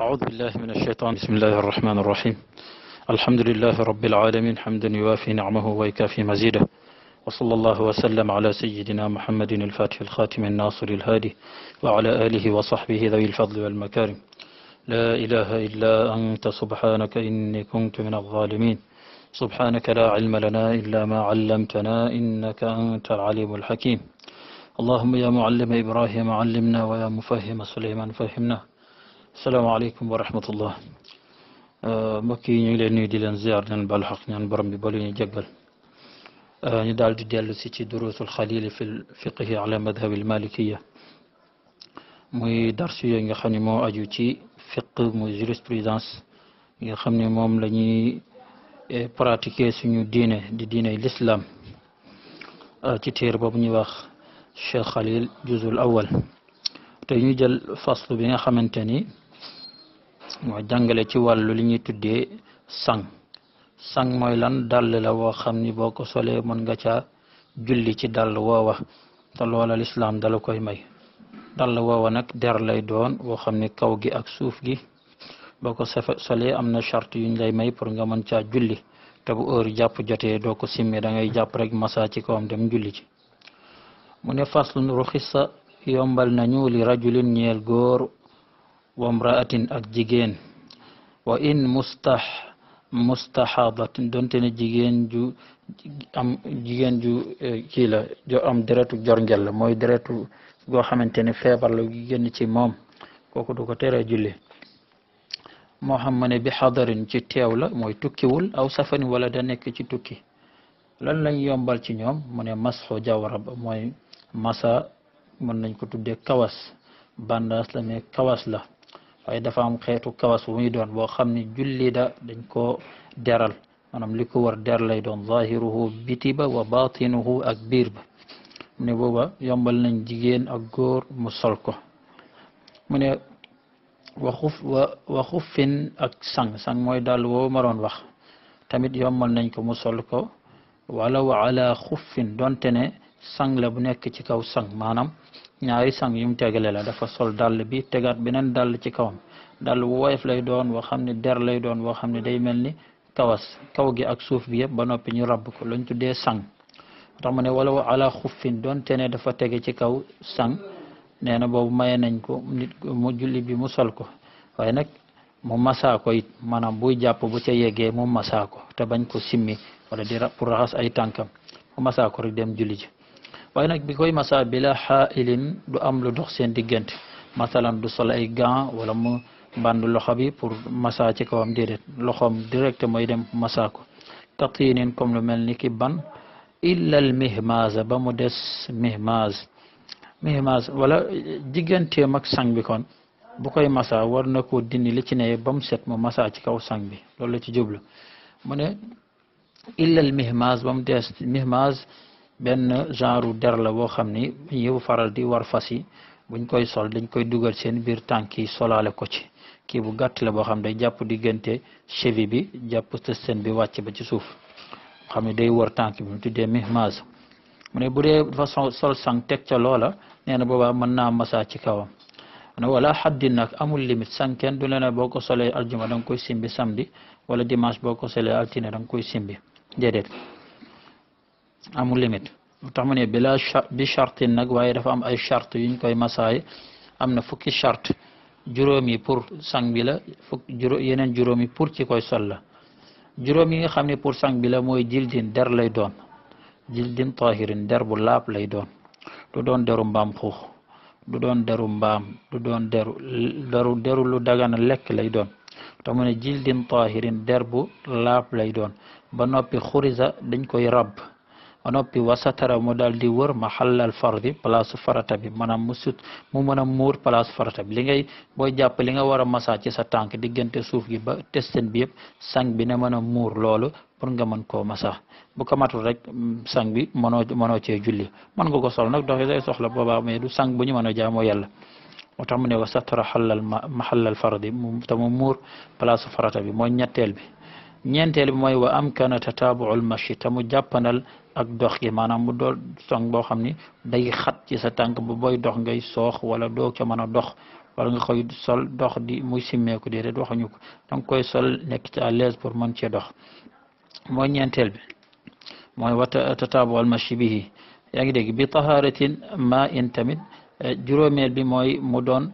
أعوذ بالله من الشيطان بسم الله الرحمن الرحيم الحمد لله رب العالمين حمدا يوافي نعمه ويكافي مزيده وصلى الله وسلم على سيدنا محمد الفاتح الخاتم الناصر الهادي وعلى آله وصحبه ذوي الفضل والمكارم لا إله إلا أنت سبحانك إني كنت من الظالمين سبحانك لا علم لنا إلا ما علمتنا إنك أنت العليم الحكيم اللهم يا معلم إبراهيم علمنا ويا مفهم سليمان فهمنا السلام عليكم ورحمة الله أه، مكين نيلي ني لن زيار نان بالحق نان برم بي بولي جبل أه، ني سيتي دروس الخليل في الفقه على مذهب المالكية مي درس يغا خاني مو أجوتي فقه مو جوريس بريزانس يغا خاني موم لا ني براتيكي أه، سونو دين دي دين الاسلام تتير بابني واخ الشيخ خليل جزء الاول تاي ني بين فصل بيغا خامتاني moo jàngale ci wàllu li ñuy tuddee sang sang mooy lan dàll la woo xam ni boo ko solee mën nga ca julli ci dàll woowa te loola lislaam dala koy may dàll woowa nag der lay doon boo xam ni kaw gi ak suuf gi boo ko solee am na charte yuñ lay may pour nga mën caa julli te bu heure jàpp jotee doo ko simmi da ngay jàpp rek massa ci kawam dem julli ci mu ne faslun ruxisa yombal nañu li rajulin ñeel góor wa mraatin ak jigéen wa in mustax mustaxaadatin donte ne jigéen ju am jigéen ju eh, kii la jo am deretu jorgel la mooy deretu goo xamante ne feebar la gi ci moom kooku du ko teree julli moo xam ma ne bi xadarin ci teew la mooy tukkiwul aw safarin wala da nekk ci tukki lan lañ yombal ci ñoom mu ne masxu jawarab mooy masa mën nañ ko tuddee kawas bandaas la mais kawas la ay dafa xeetu kawas bu muy doon boo xam ne julli da dañ ko deral maanaam li ko war der lay doon zahiruhu biti ba wa batinuhu ak biir ba mu ne booba yombal nañ jigéen ak góor mu sol ko mu ne wa xuf xuffin ak sang sang mooy dàll woo wax tamit yombal nañ ko mu sol ko wala wa xuffin donte ne sang la bu nekk ci kaw sang maanaam ñaari sang yum tegale la dafa sol dàll bi tegaat beneen dàll ci kawam dàll bu woyof lay doon woo xam ne der lay doon woo xam ne day mel ni kawas kaw gi ak suuf bi yëpp ba noppi ñu rabb ko lañ tuddee sang tax mu ne wala wa ala xuffin doon tene dafa tege ci kaw sang nee na boobu maye nañ ko nit mu julli bi mu sol ko waaye nag mu masaa ko it maanaam buy jàpp bu ca yegee mu masaa ko te bañ ko simmi wala di pour raxas ay tànkam mu dem julli waaye nag bi koy masa bi la xaailin du am lu dox seen diggante masalan du sol ay gants wala mu bànd loxo bi pour masa ci kawam déedéet loxoom direct mooy dem masa ko katiinin comme lu mel ni ki ban illal mihmaza ba mu des mihmaz mihmaz wala digganteem ak sang bi kon bu koy masaa war na ko dindi li ci ne ba mu set mu masa ci kaw sang bi loolu la ci jublu mu ne illal mihmaz ba mu des mihmaz benn genre der la boo xam ni ñiw faral di war fas yi buñ koy sol dañ koy dugal seen biir tànk yi solaale ko ci kii bu gàtt la boo xam day jàpp diggante cheville bi jàpp sësten bi wàcc ba ci suuf xam ne day war tànk bi mu tuddee mihmaz mu ne bu dee dafa sol sang teg ca loola nee na boobaa mën naa masaa ci kawam ne wala xaddin nag amul limite sang kenn du leen boo ko solee aljuma da koy simbi samedi wala dimanche boo ko solee altine da nga koy simbi déedéet amul limite lu tax mu ne bila bi charte nag waaye dafa am ay charte yuñ koy masaay am na fukki charte juróom yi pour sang bi la fukk juróom yeneen juróom yi pour ci koy sol la juróom yi nga xam ne pour sang bi la mooy jildin der lay doon jildin tahirin der bu laab lay doon du doon deru mbaam xuux du doon deru mbaam du doon deru deru lu dagana lekk lay doon tax mu ne jildin tahirin der bu laab lay doon ba noppi xurisa dañ koy rab o noppi wasatara mu di wër mahallal fardi place farata bi maanaam mu sut mu mën a muur place farata bi li ngay booy jàpp li nga war massa ci sa tànk diggante suuf gi ba testeen bi yëpp sang bi ne mën a muur loolu pour nga mën koo massa bu ko matul rek sang bi mënoo mënoo cee julli mën nga ko sol nag doxi say soxla boobaa mais du sang bu ñu mën a yàlla moo ne wasatara xallal mahallal fardi mu te mu muur place farata bi mooy ñetteel bi ñeenteel bi mooy wa amkana tataabuul machi te jàppanal ak dox gi maanaam mu doon song boo xam ni day xat ci sa tànk bu booy dox ngay soox wala doo ca mën a dox wala nga koy sol dox di muy simmeeku déedéet waxuñu ko da nga koy sol nekk ci à l'aise pour mën cee dox mooy ñeenteel bi mooy wata tataabu al machi bihi yaa dégg bi taharatin ma tamit eh, juróomeel bi mooy mu doon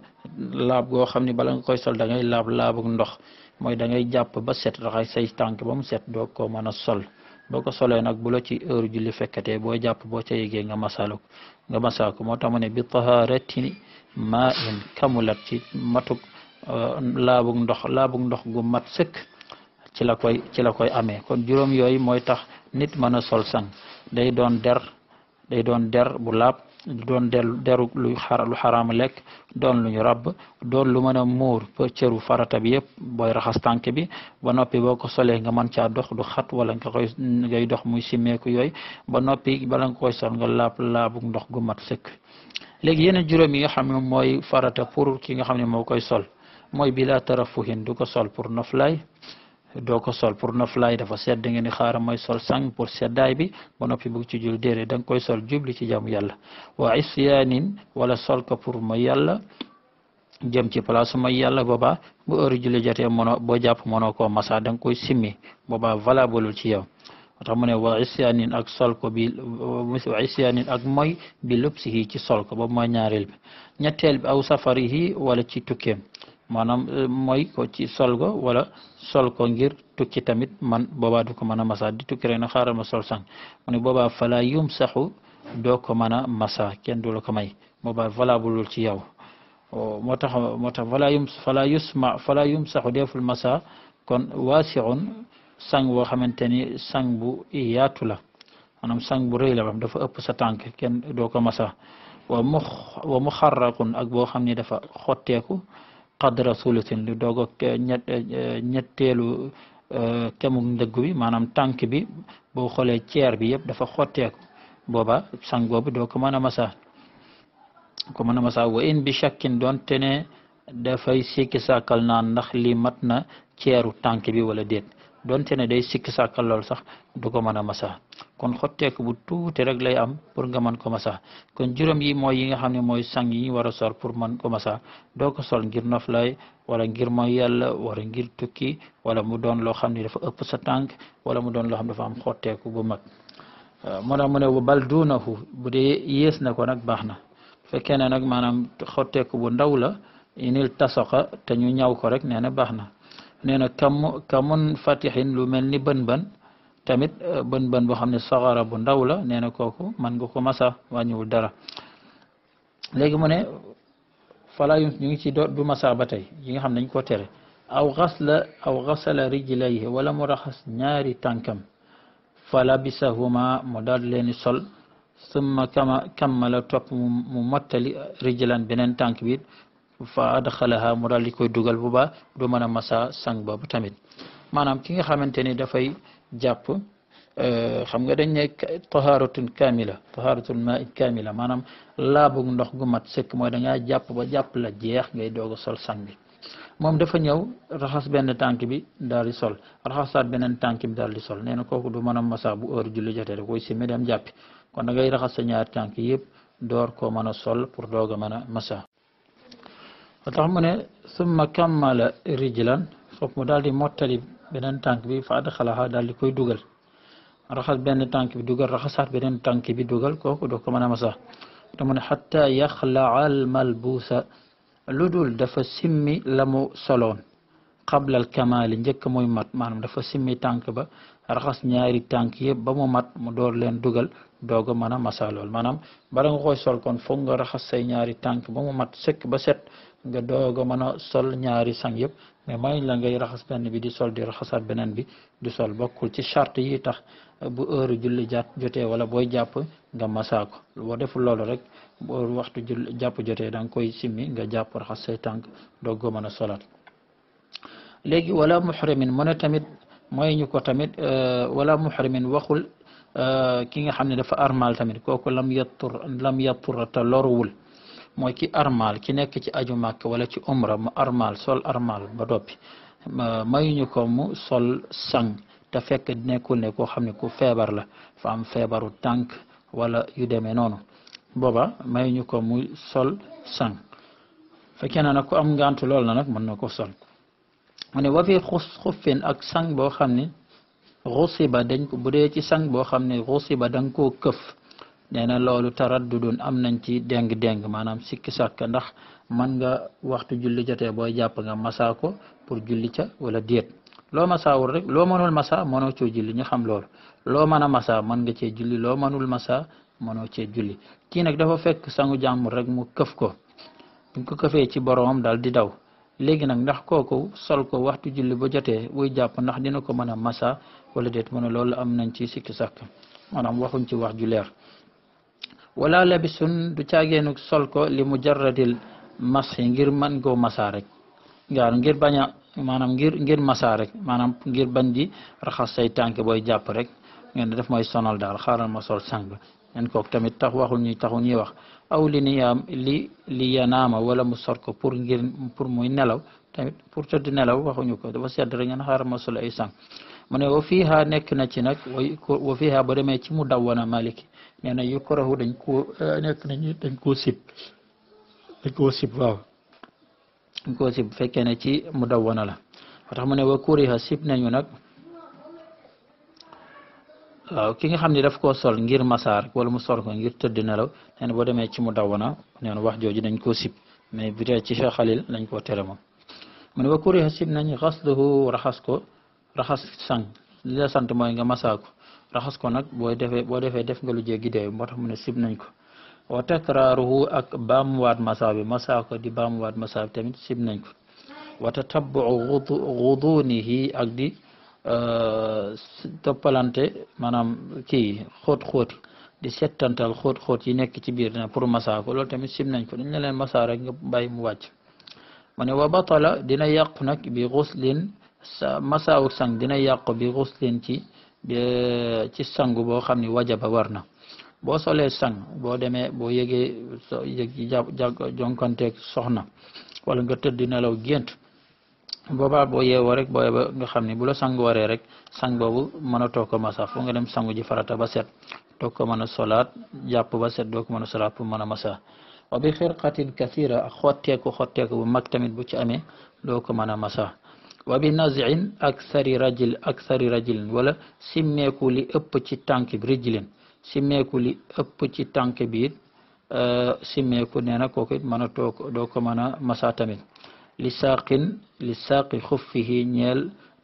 laab goo xam ni bala nga koy sol da ngay laab laabuk ndox mooy da ngay jàpp ba set raxas say tànk boo mu set doog ko mën a sol boo ko solee nag bu la ci heure julli fekkatee boo jàpp boo ca yegee nga masaluk nga masaku moo tax mu ne bi taharati ma in kamulat ci matuk euh, laabug ndox laabug ndox gu mat sek ci la koy ci la koy amee kon juróom yooyu mooy tax nit mën a sol sang day doon der day doon der bu laab doon dellu deru lu lu xaraama lekk doon lu ñu ràbb doon lu mën a muur cëru farata bi yëpp booy raxas tànk bi ba noppi boo ko solee nga man caa dox du xat wala nga koy ngay dox muy simmeeku yooyu ba noppi bala nga koy sol nga laab laabu ndox gu mat sëkk léegi yeneen juróom yi nga xam ne mooy farata pour ki nga xam ne moo koy sol mooy bila tarafuhin du ko sol pour noflaay doo ko sol pour noflaay dafa sedd nga ni xaaral mooy sol sang pour sedday bi ba noppi bugg ci jul déedéet da nga koy sol jubli ci jaamu yàlla wa isyaanin wala sol ko pour mooy yàlla jëm ci place mooy yàlla boobaa bu heure julli jotee mënoo boo jàpp mënoo koo masa da nga koy simmi boobaa valableul ci yow moo tax mu ne wa ak sol bi wa isyaanin ak mooy bi lubsihi ci sol ko boobu mooy ñaareel bi ñetteel bi aw safarihi wala ci tukkeem maanaam euh, mooy ko ci sol go wala sol ko ngir tukki tamit man boobaa du ko mën a masa di tukki rek na xaaral ma sol sang mu ne boobaa fala yum saxu doo ko mën a masa kenn du la ko may boobaa valable ci yow oh, moo tax moo tax fala yum fala yum saxu deful masa kon waasiun sang boo xamante ni sang bu yaatu la maanaam sang bu rëy la bam dafa ëpp sa tànk kenn doo ko masa wa mu wa ak boo xam ni dafa xotteeku qadra sulusin lu doog ak eh, eh, eh, ñetteelu kemuk ndëgg bi maanaam tànk bi boo xoolee ceer bi yëpp dafa xotteeku booba sang boobu doo ko mën a masa ko mën a masaa wa in bi shakkin don te dafay sikki sàkkal naan ndax lii mat na ceeru tànk bi wala déet don ne day sik sàkkal lool sax du ko mën a masa kon xotteeku bu tuuti rek lay am pour nga man ko masa kon juróom yi mooy yi nga xam ne mooy sang yi ñu war sol pour man ko masa doo ko sol ngir noflaay wala ngir mooy yàlla wala ngir tukki wala mu doon loo xam ne dafa ëpp sa tànk wala mu doon loo xam ne dafa am xotteeku bu mag euh, moo tax mu ne bal duunahu bu dee yées na ko nag baax na fekkee ne nag maanaam xotteeku bu ndaw la inil tasoqa te ñu ñaw ko rek nee na baax na nee na kam kamun fatixin lu mel ni bën bën tamit eh, bën bën boo xam ne saxara bu ndaw la nee na kooku mën nga ko masa wàññiwul dara léegi mu ne fala ñu ngi ci doot du masa ba tey yi nga xam ne dañ koo tere aw xasla aw xasala rijlayhi wala mu raxas ñaari tànkam fa labisahuma mu daal leeni sol summa kama kammala top mu mottali rijlan beneen tànk bi fa dakhalaha mu daal di koy dugal bu ba do meuna massa masa sang bobu tamit manam ki nga da fay japp euh xam nga dañ nek taharatun kamila taharatun ma'i kamila maanaam laabug ndox gu mat sek moy da nga japp ba japp la jeex ngay dogo sol sang bi moom dafa ñew raxas ben bi dal sol raxasat benen tanki bi dal di sol neena koku du meuna massa masa bu heure julli jotee da koy simmi dem jàppi kon da ngay raxas sa door koo sol pour doog meuna massa masa فتحمني ثم كمل رجلا فمدال دي موتالي بنن تانك بي فادخلها دالي كوي دوغل رخص بنان تانك بي دوغل رخصات بنان تانك بي دوغل كوكو دوكو منا مسا تمني حتى يخلع الملبوسة لدول دفا سمي لمو صالون قبل الكمال نجك موي مات مانام دفا سمي تانك با رخص نياري تانك يب بمو مات مدور لين دوغل doogo mana masaa lool maanaam bala nga koy sol kon foog nga raxas say ñaari tànk ba mu mat nga doog a mën a sol ñaari sang yëpp mais may la raxas benn bi di sol di raxasaat beneen bi di sol bokkul ci charte yi tax bu heure julli jàpp jotee wala booy jàpp nga masaa ko boo deful loolu rek bo waxtu julli jàpp jotee dang nga koy simmi nga jàpp raxas say tànk doog a mën a solaat wala muhrimin mu ne tamit mooy ñu ko tamit euh, wala muhrimin waxul euh, ki nga xam ne dafa armal tamit kooku lam yattur lam yattur te loruwul mooy ki armal ki nekk ci aju màkk wala ci umra mu armal sol armal ba doppi mayuñu ko mu sol sang te fekk nekkul ne koo xam ne ku feebar la fa am feebaru tànk wala yu demee noonu booba mayuñu ko mu sol sang fekkee na nag ku am ngàntu lool na nag mën na ko sol mu ne wa fi xuffin ak sang boo xam ne xusiba dañ ko bu dee ci boo xam ne xusiba da nga koo këf neena na loolu taraddudun am nañ ci deng deng manam sikki sàkk ndax man nga waxtu julli jotee boy japp nga massa ko pour julli ca wala lo massa wul rek lo manul masa mono ci julli ñu xam loolu lo mana massa masa nga ci julli lo manul masa mono ci julli ki nak dafa fekk sangu jamm rek mu keuf ko bu ko keufé ci borom dal di daw légui nak ndax koku sol ko waxtu julli ba jotee boy japp ndax dina ko mën massa masa wala diet mono ne loolu am nañ ci sikki sàkk manam waxuñ ci wax ju leer wala labisun du caageenug sol ko li mujarradil masxi ngir man ko masaa rek ngaar ngir bañ maanaam ngir ngir masaa rek maanaam ngir bañ di raxas say tànk booy jàpp rek ngeen def mooy sonal daal xaaral ma sol sang ñen kook tamit tax waxul ñuy taxu ñuy wax aw li niyaam li li yanaama wala mu sor ko pour ngir pour muy nelaw tamit pour tëdd nelaw waxuñu ko dafa sedd rek ngeen xaaral ma sol ay sang mu ne wa nekk na ci nag wa fiha bo demee ci mu dawwana maliki nee na yukrahu dañ ko eh, nekk nañ dañ koo sib dañ koo sib waaw fekkee ne ci mu dawwana la wa tax mu ne wa kuriha sib nañu nag waaw ki nga xam ne daf koo sol ngir masaar wala mu sol ko ngir tëdd na nee na boo demee ci mu dawwana nee na wax jooju dañ koo sib mais bu dee ci Xalil lañ koo tere moom mu ne wa kuriha sib nañ xasluhu raxas ko raxas sang li la sant mooy nga masaaku raxas ko nag boo defee boo defee def nga lu jéggi dee moo mu ne sib nañ ko wa takraaruhu ak baamuwaat masaa bi masaa ko di baamuwaat masaa bi tamit sib nañ ko wa tatabuu gudunihi ak di euh, toppalante maanaam kii xóot xóoti di settantal xóot xóot yi nekk ci biir na pour masaa loolu tamit sib nañ ko dañ ne leen masaa rek nga mu wàcc ma wa batala dina yàqu nag bi xuslin sa masaawu sang dina yàqu bi xuslin ci ci sangu boo xam ni wajaba war na boo solee sang boo demee boo yëgee so soxna wala nga tëdd nelaw gént boobaa boo yeewoo rek booy ba xam ni bu la sang waree rek sang boobu mën a toog ko masa fu nga dem sangu ji farata ba set doog ko mën a solaat jàpp ba set doog ko mën a solaat pour mën a masa wa bi xirqatin kathira ak xotteeku xotteeku bu mag tamit bu ci amee doo ko mën a masa wa bi nasin aksari rajil aksari rajilin wala simmeeku li ëpp ci tànk bi rijilin simmeeku li ëpp ci tànk bi it euh, simmeeku nee na kooku it mën a toog doo ko mën a masaa tamit li saaqin li saaqi xufihi ñeel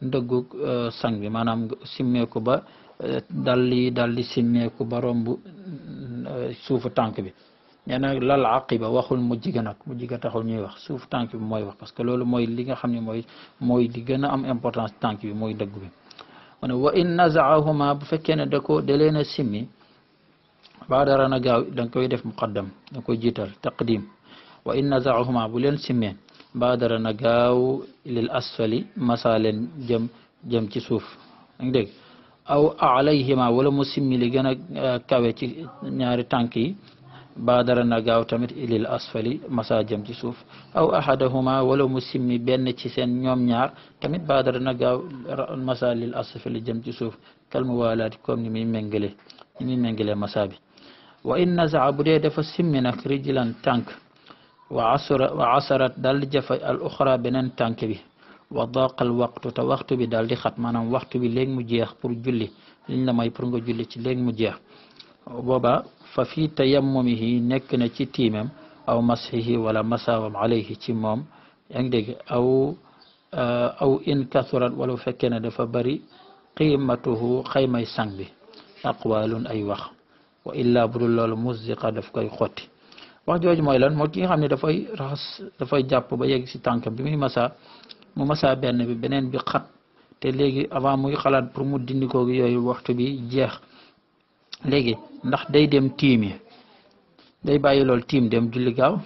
ndëggu euh, sang bi maanaam simmeeku ba euh, dal li dal li simmeeku ba romb suufu tànk bi nee na lal aqiba waxul mujj ga nag mujj ga taxul ñuy wax suuf tànk bi mooy wax parce que loolu mooy li nga xam ne mooy mooy di gën a am importance tànk bi mooy dëgg bi mu ne wa in nazaahuma bu fekkee ne da ko da leen a simmi baadara na gaaw da nga koy def muqaddam da koy jiital taqdim wa in nazaahuma bu leen simmee baadara na gaaw lil asfali masaa leen jëm jëm ci suuf da nga dégg aw alayhima wala mu simmi li gën a euh, kawe ci ñaari tànk yi بادر النجاو تمت إلى الأسفل مساجم تسوف أو أحدهما ولو مسمى بين نتشين يوم نار تمت بادر النجاو مسال الأسفل جم تسوف كالموالات كم من منجلة من منجلة مسابي وإن نزع بريدة فسمنا رجلا تانك وعصر وعصرت دلجة الأخرى بنن تانك به وضاق الوقت وتوقت بدل خط من وقت بلين مجيح برجلي لين لما يبرنجو جلي تلين مجيح booba fa fii tayammumihi nekk na ci tiimam aw masxihi wala masaawam alayhi ci moom yaa ngi dégg aw uh, aw in kasurat wala bu fekkee ne dafa bari qiimatuhu xaymay sang bi aqwaalun ay wax wa illaa bu dul loolu musdiqa daf koy xotti wax jooju mooy lan moo ki nga xam ne dafay raxas dafay jàpp ba yegg si tànk bi muy masaa mu masaa benn bi beneen bi xat te léegi avant muy xalaat pour mu dindi ko yooyu waxtu bi jeex léegi ndax day dem tiim yi day bàyyi lool tiim dem julli gaaw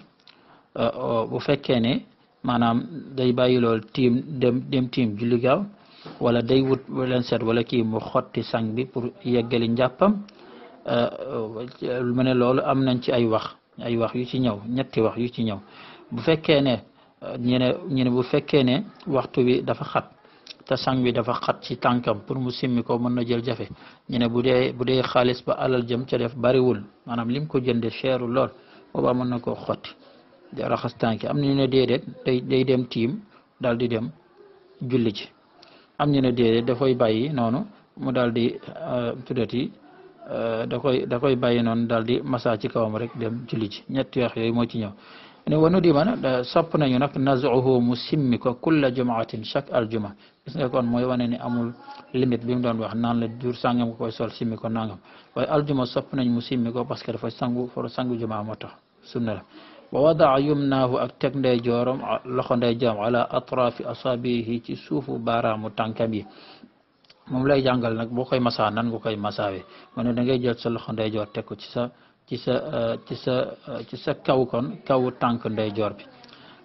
euh, bu fekkee ne maanaam day bàyyi lool tiim dem dem tiim julli gaaw wala day wut leen seet wala kii bu xotti sang bi pour yeggali njàppam mu euh, ne loolu am nañ ci ay wax ay wax yu ci ñëw ñetti wax yu ci ñëw bu fekkee ne euh, ñu bu fekkee ne waxtu bi dafa xat te sang bi dafa xat ci tànkam pour mu simmi ko mën na jël jafe ñu ne bu dee bu dee xaalis ba alal jëm ca def bariwul maanaam lim ko jënde cheru lool boobaa mën na koo xotti di raxas tànki am ñu ne déedéet day day dem tiim daal di dem julli ci am ñu ne déedéet da koy bàyyi noonu mu daal di euh, tuddati euh, da koy da koy bàyyi noonu daal di massa ci kawam rek dem julli ci ñetti wax yooyu moo ci ñëw ne wanu di man sopp nañu nag nazuhu mu simmi ko kulla jumaatin chaque aljuma gis nga kon mooy wane ne amul limite bi mu doon wax naan la jur sàngam koy sol simmi ko nangam waaye aljuma sopp nañ mu simmi parce que dafa sangu for sangu juma moo tax sunna la wa wadaa yumnaahu ak teg ndey joorom loxo nday joorom ala atrafi asabihi ci suufu baaraamu tànkam yi moom lay jàngal nag boo koy masaa nan koy masaawee mu ne da ngay sa loxo ndey teg ko ci sa ci sa euh, ci sa euh, ci sa kaw kon kawu tànk ndey joor bi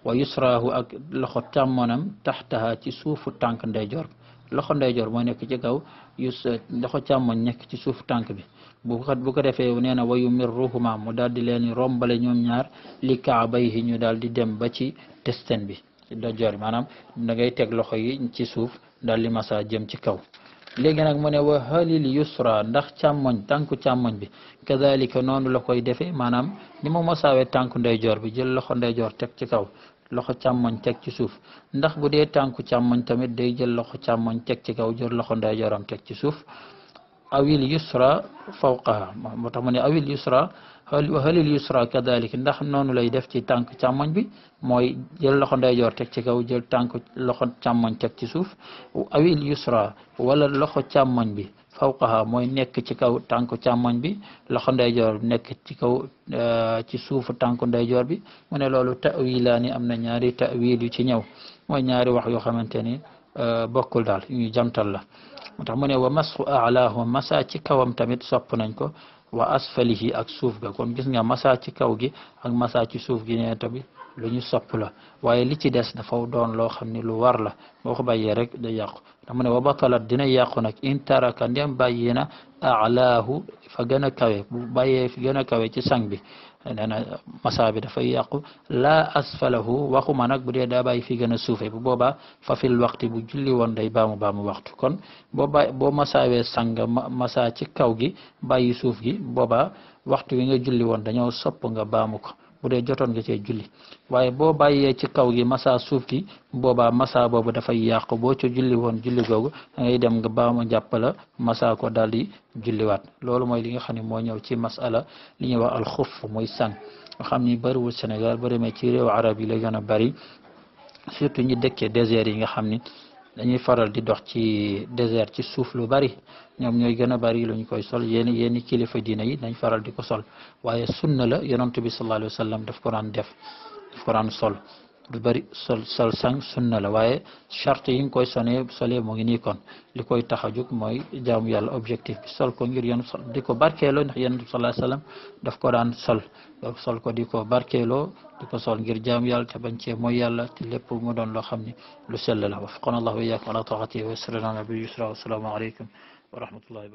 wa yusraahu ak loxo càmmoonam taxtaha ci suufu tànk ndeyjoor loxo ndeyjoor moo nekk ci kaw yus loxo càmmoñ nekk ci suufu tànk bi bu bu ko defee nee na wayu mir ruhuma mu daal di leen rombale ñoom ñaar li kaabayhi ñu daal di dem ba ci testen bi ndeyjoor maanaam da ngay teg loxo yi ci suuf daal di massa jëm ci kaw léegi nag mu ne yusra ndax càmmoñ tànku càmmoñ bi kadalika noonu la koy defee maanaam ni mu masaawee tànku ndeyjoor bi jël loxo ndayjoor teg ci kaw loxo càmmoñ teg ci suuf ndax bu dee tànku càmmoñ tamit day jël loxo càmmoñ teg ci kaw jël loxo ndeyjooram teg ci suuf awil yusra fawqaha moo tax mu ne awil yusra wa halil yusra kadalik ndax noonu lay def ci tànk càmmoñ bi mooy jël loxo ndeyjoor teg ci kaw jël tànk loxo càmmoñ teg ci suuf awil yusra wala loxo càmmoñ bi fawqaha mooy nekk ci kaw tànku càmmoñ bi loxo ndeyjoor bi nekk ci kaw euh, ci suufu tànku ndeyjoor bi mu ne loolu tawilaani am na ñaari tawil yu ci ñëw mooy ñaari wax yoo xamante ni euh, bokkul daal ñu jamtal la moo tax mu ne wa masxu alaahu ci kawam tamit sopp nañ ko wa asfalihi ak suuf ga kon gis nga masa ci kaw gi ak masa ci suuf gi ne tamit lu ñu sopp la waaye li ci des dafa doon loo xam ni lu war la boo ko bàyyee rek da yàqu da mu ne wa batalat dina yàqu nag in taraka ndem bàyyi na alaahu fa gën a kawe bu bàyyee fi gën a kawe ci sang bi masaa na masa bi dafay yàqu laa waxu ma nag bu dee da bàyyi fi gën a suufe bu booba fa fil waxti bu julli woon day baamu baamu waxtu kon boo ba boo masaawee sang masa ci kaw gi bàyyi suuf gi booba waxtu wi nga julli woon dañoo sopp nga baamu ko bu dee jotoon nga cee julli waaye boo bàyyee ci kaw gi massa suuf gi boobaa massa boobu dafay yàqu boo ca julli woon julli googu da ngay dem nga baamu jàpp la massa ko daal di julliwaat loolu mooy li nga xam ne moo ñëw ci masala li ñuy wax alxuf muy sang nga xam ni bariwul Sénégal ba demee ci réew arab yi la gën a bëri surtout ñi dëkkee désert yi nga xam ni dañuy faral di dox ci désert ci suuf lu bari ñoom ñooy gën a bari lañu koy sol yéen yéen kilifa diina yi dañ faral di ko sol waaye sunna la yonent bi sallallahu alayhi wa def daf def daf sol du bari sol sol sang sunna la waaye charte yi nga koy sonee solee mu ngi nii kon li koy tax a jóg mooy jaamu yàlla objectif sol ko ngir yéen di ko barkeeloo ndax yan sallallahu alayhi daf ko daan sol sol ko di ko barkeeloo di ko sol ngir jaamu yàlla te bañ cee mooy yàlla te lépp mu doon loo xam ne lu sell la wafaqana allahu wa iyyakum ala taatihi wa sirrana alaykum wa rahmatullahi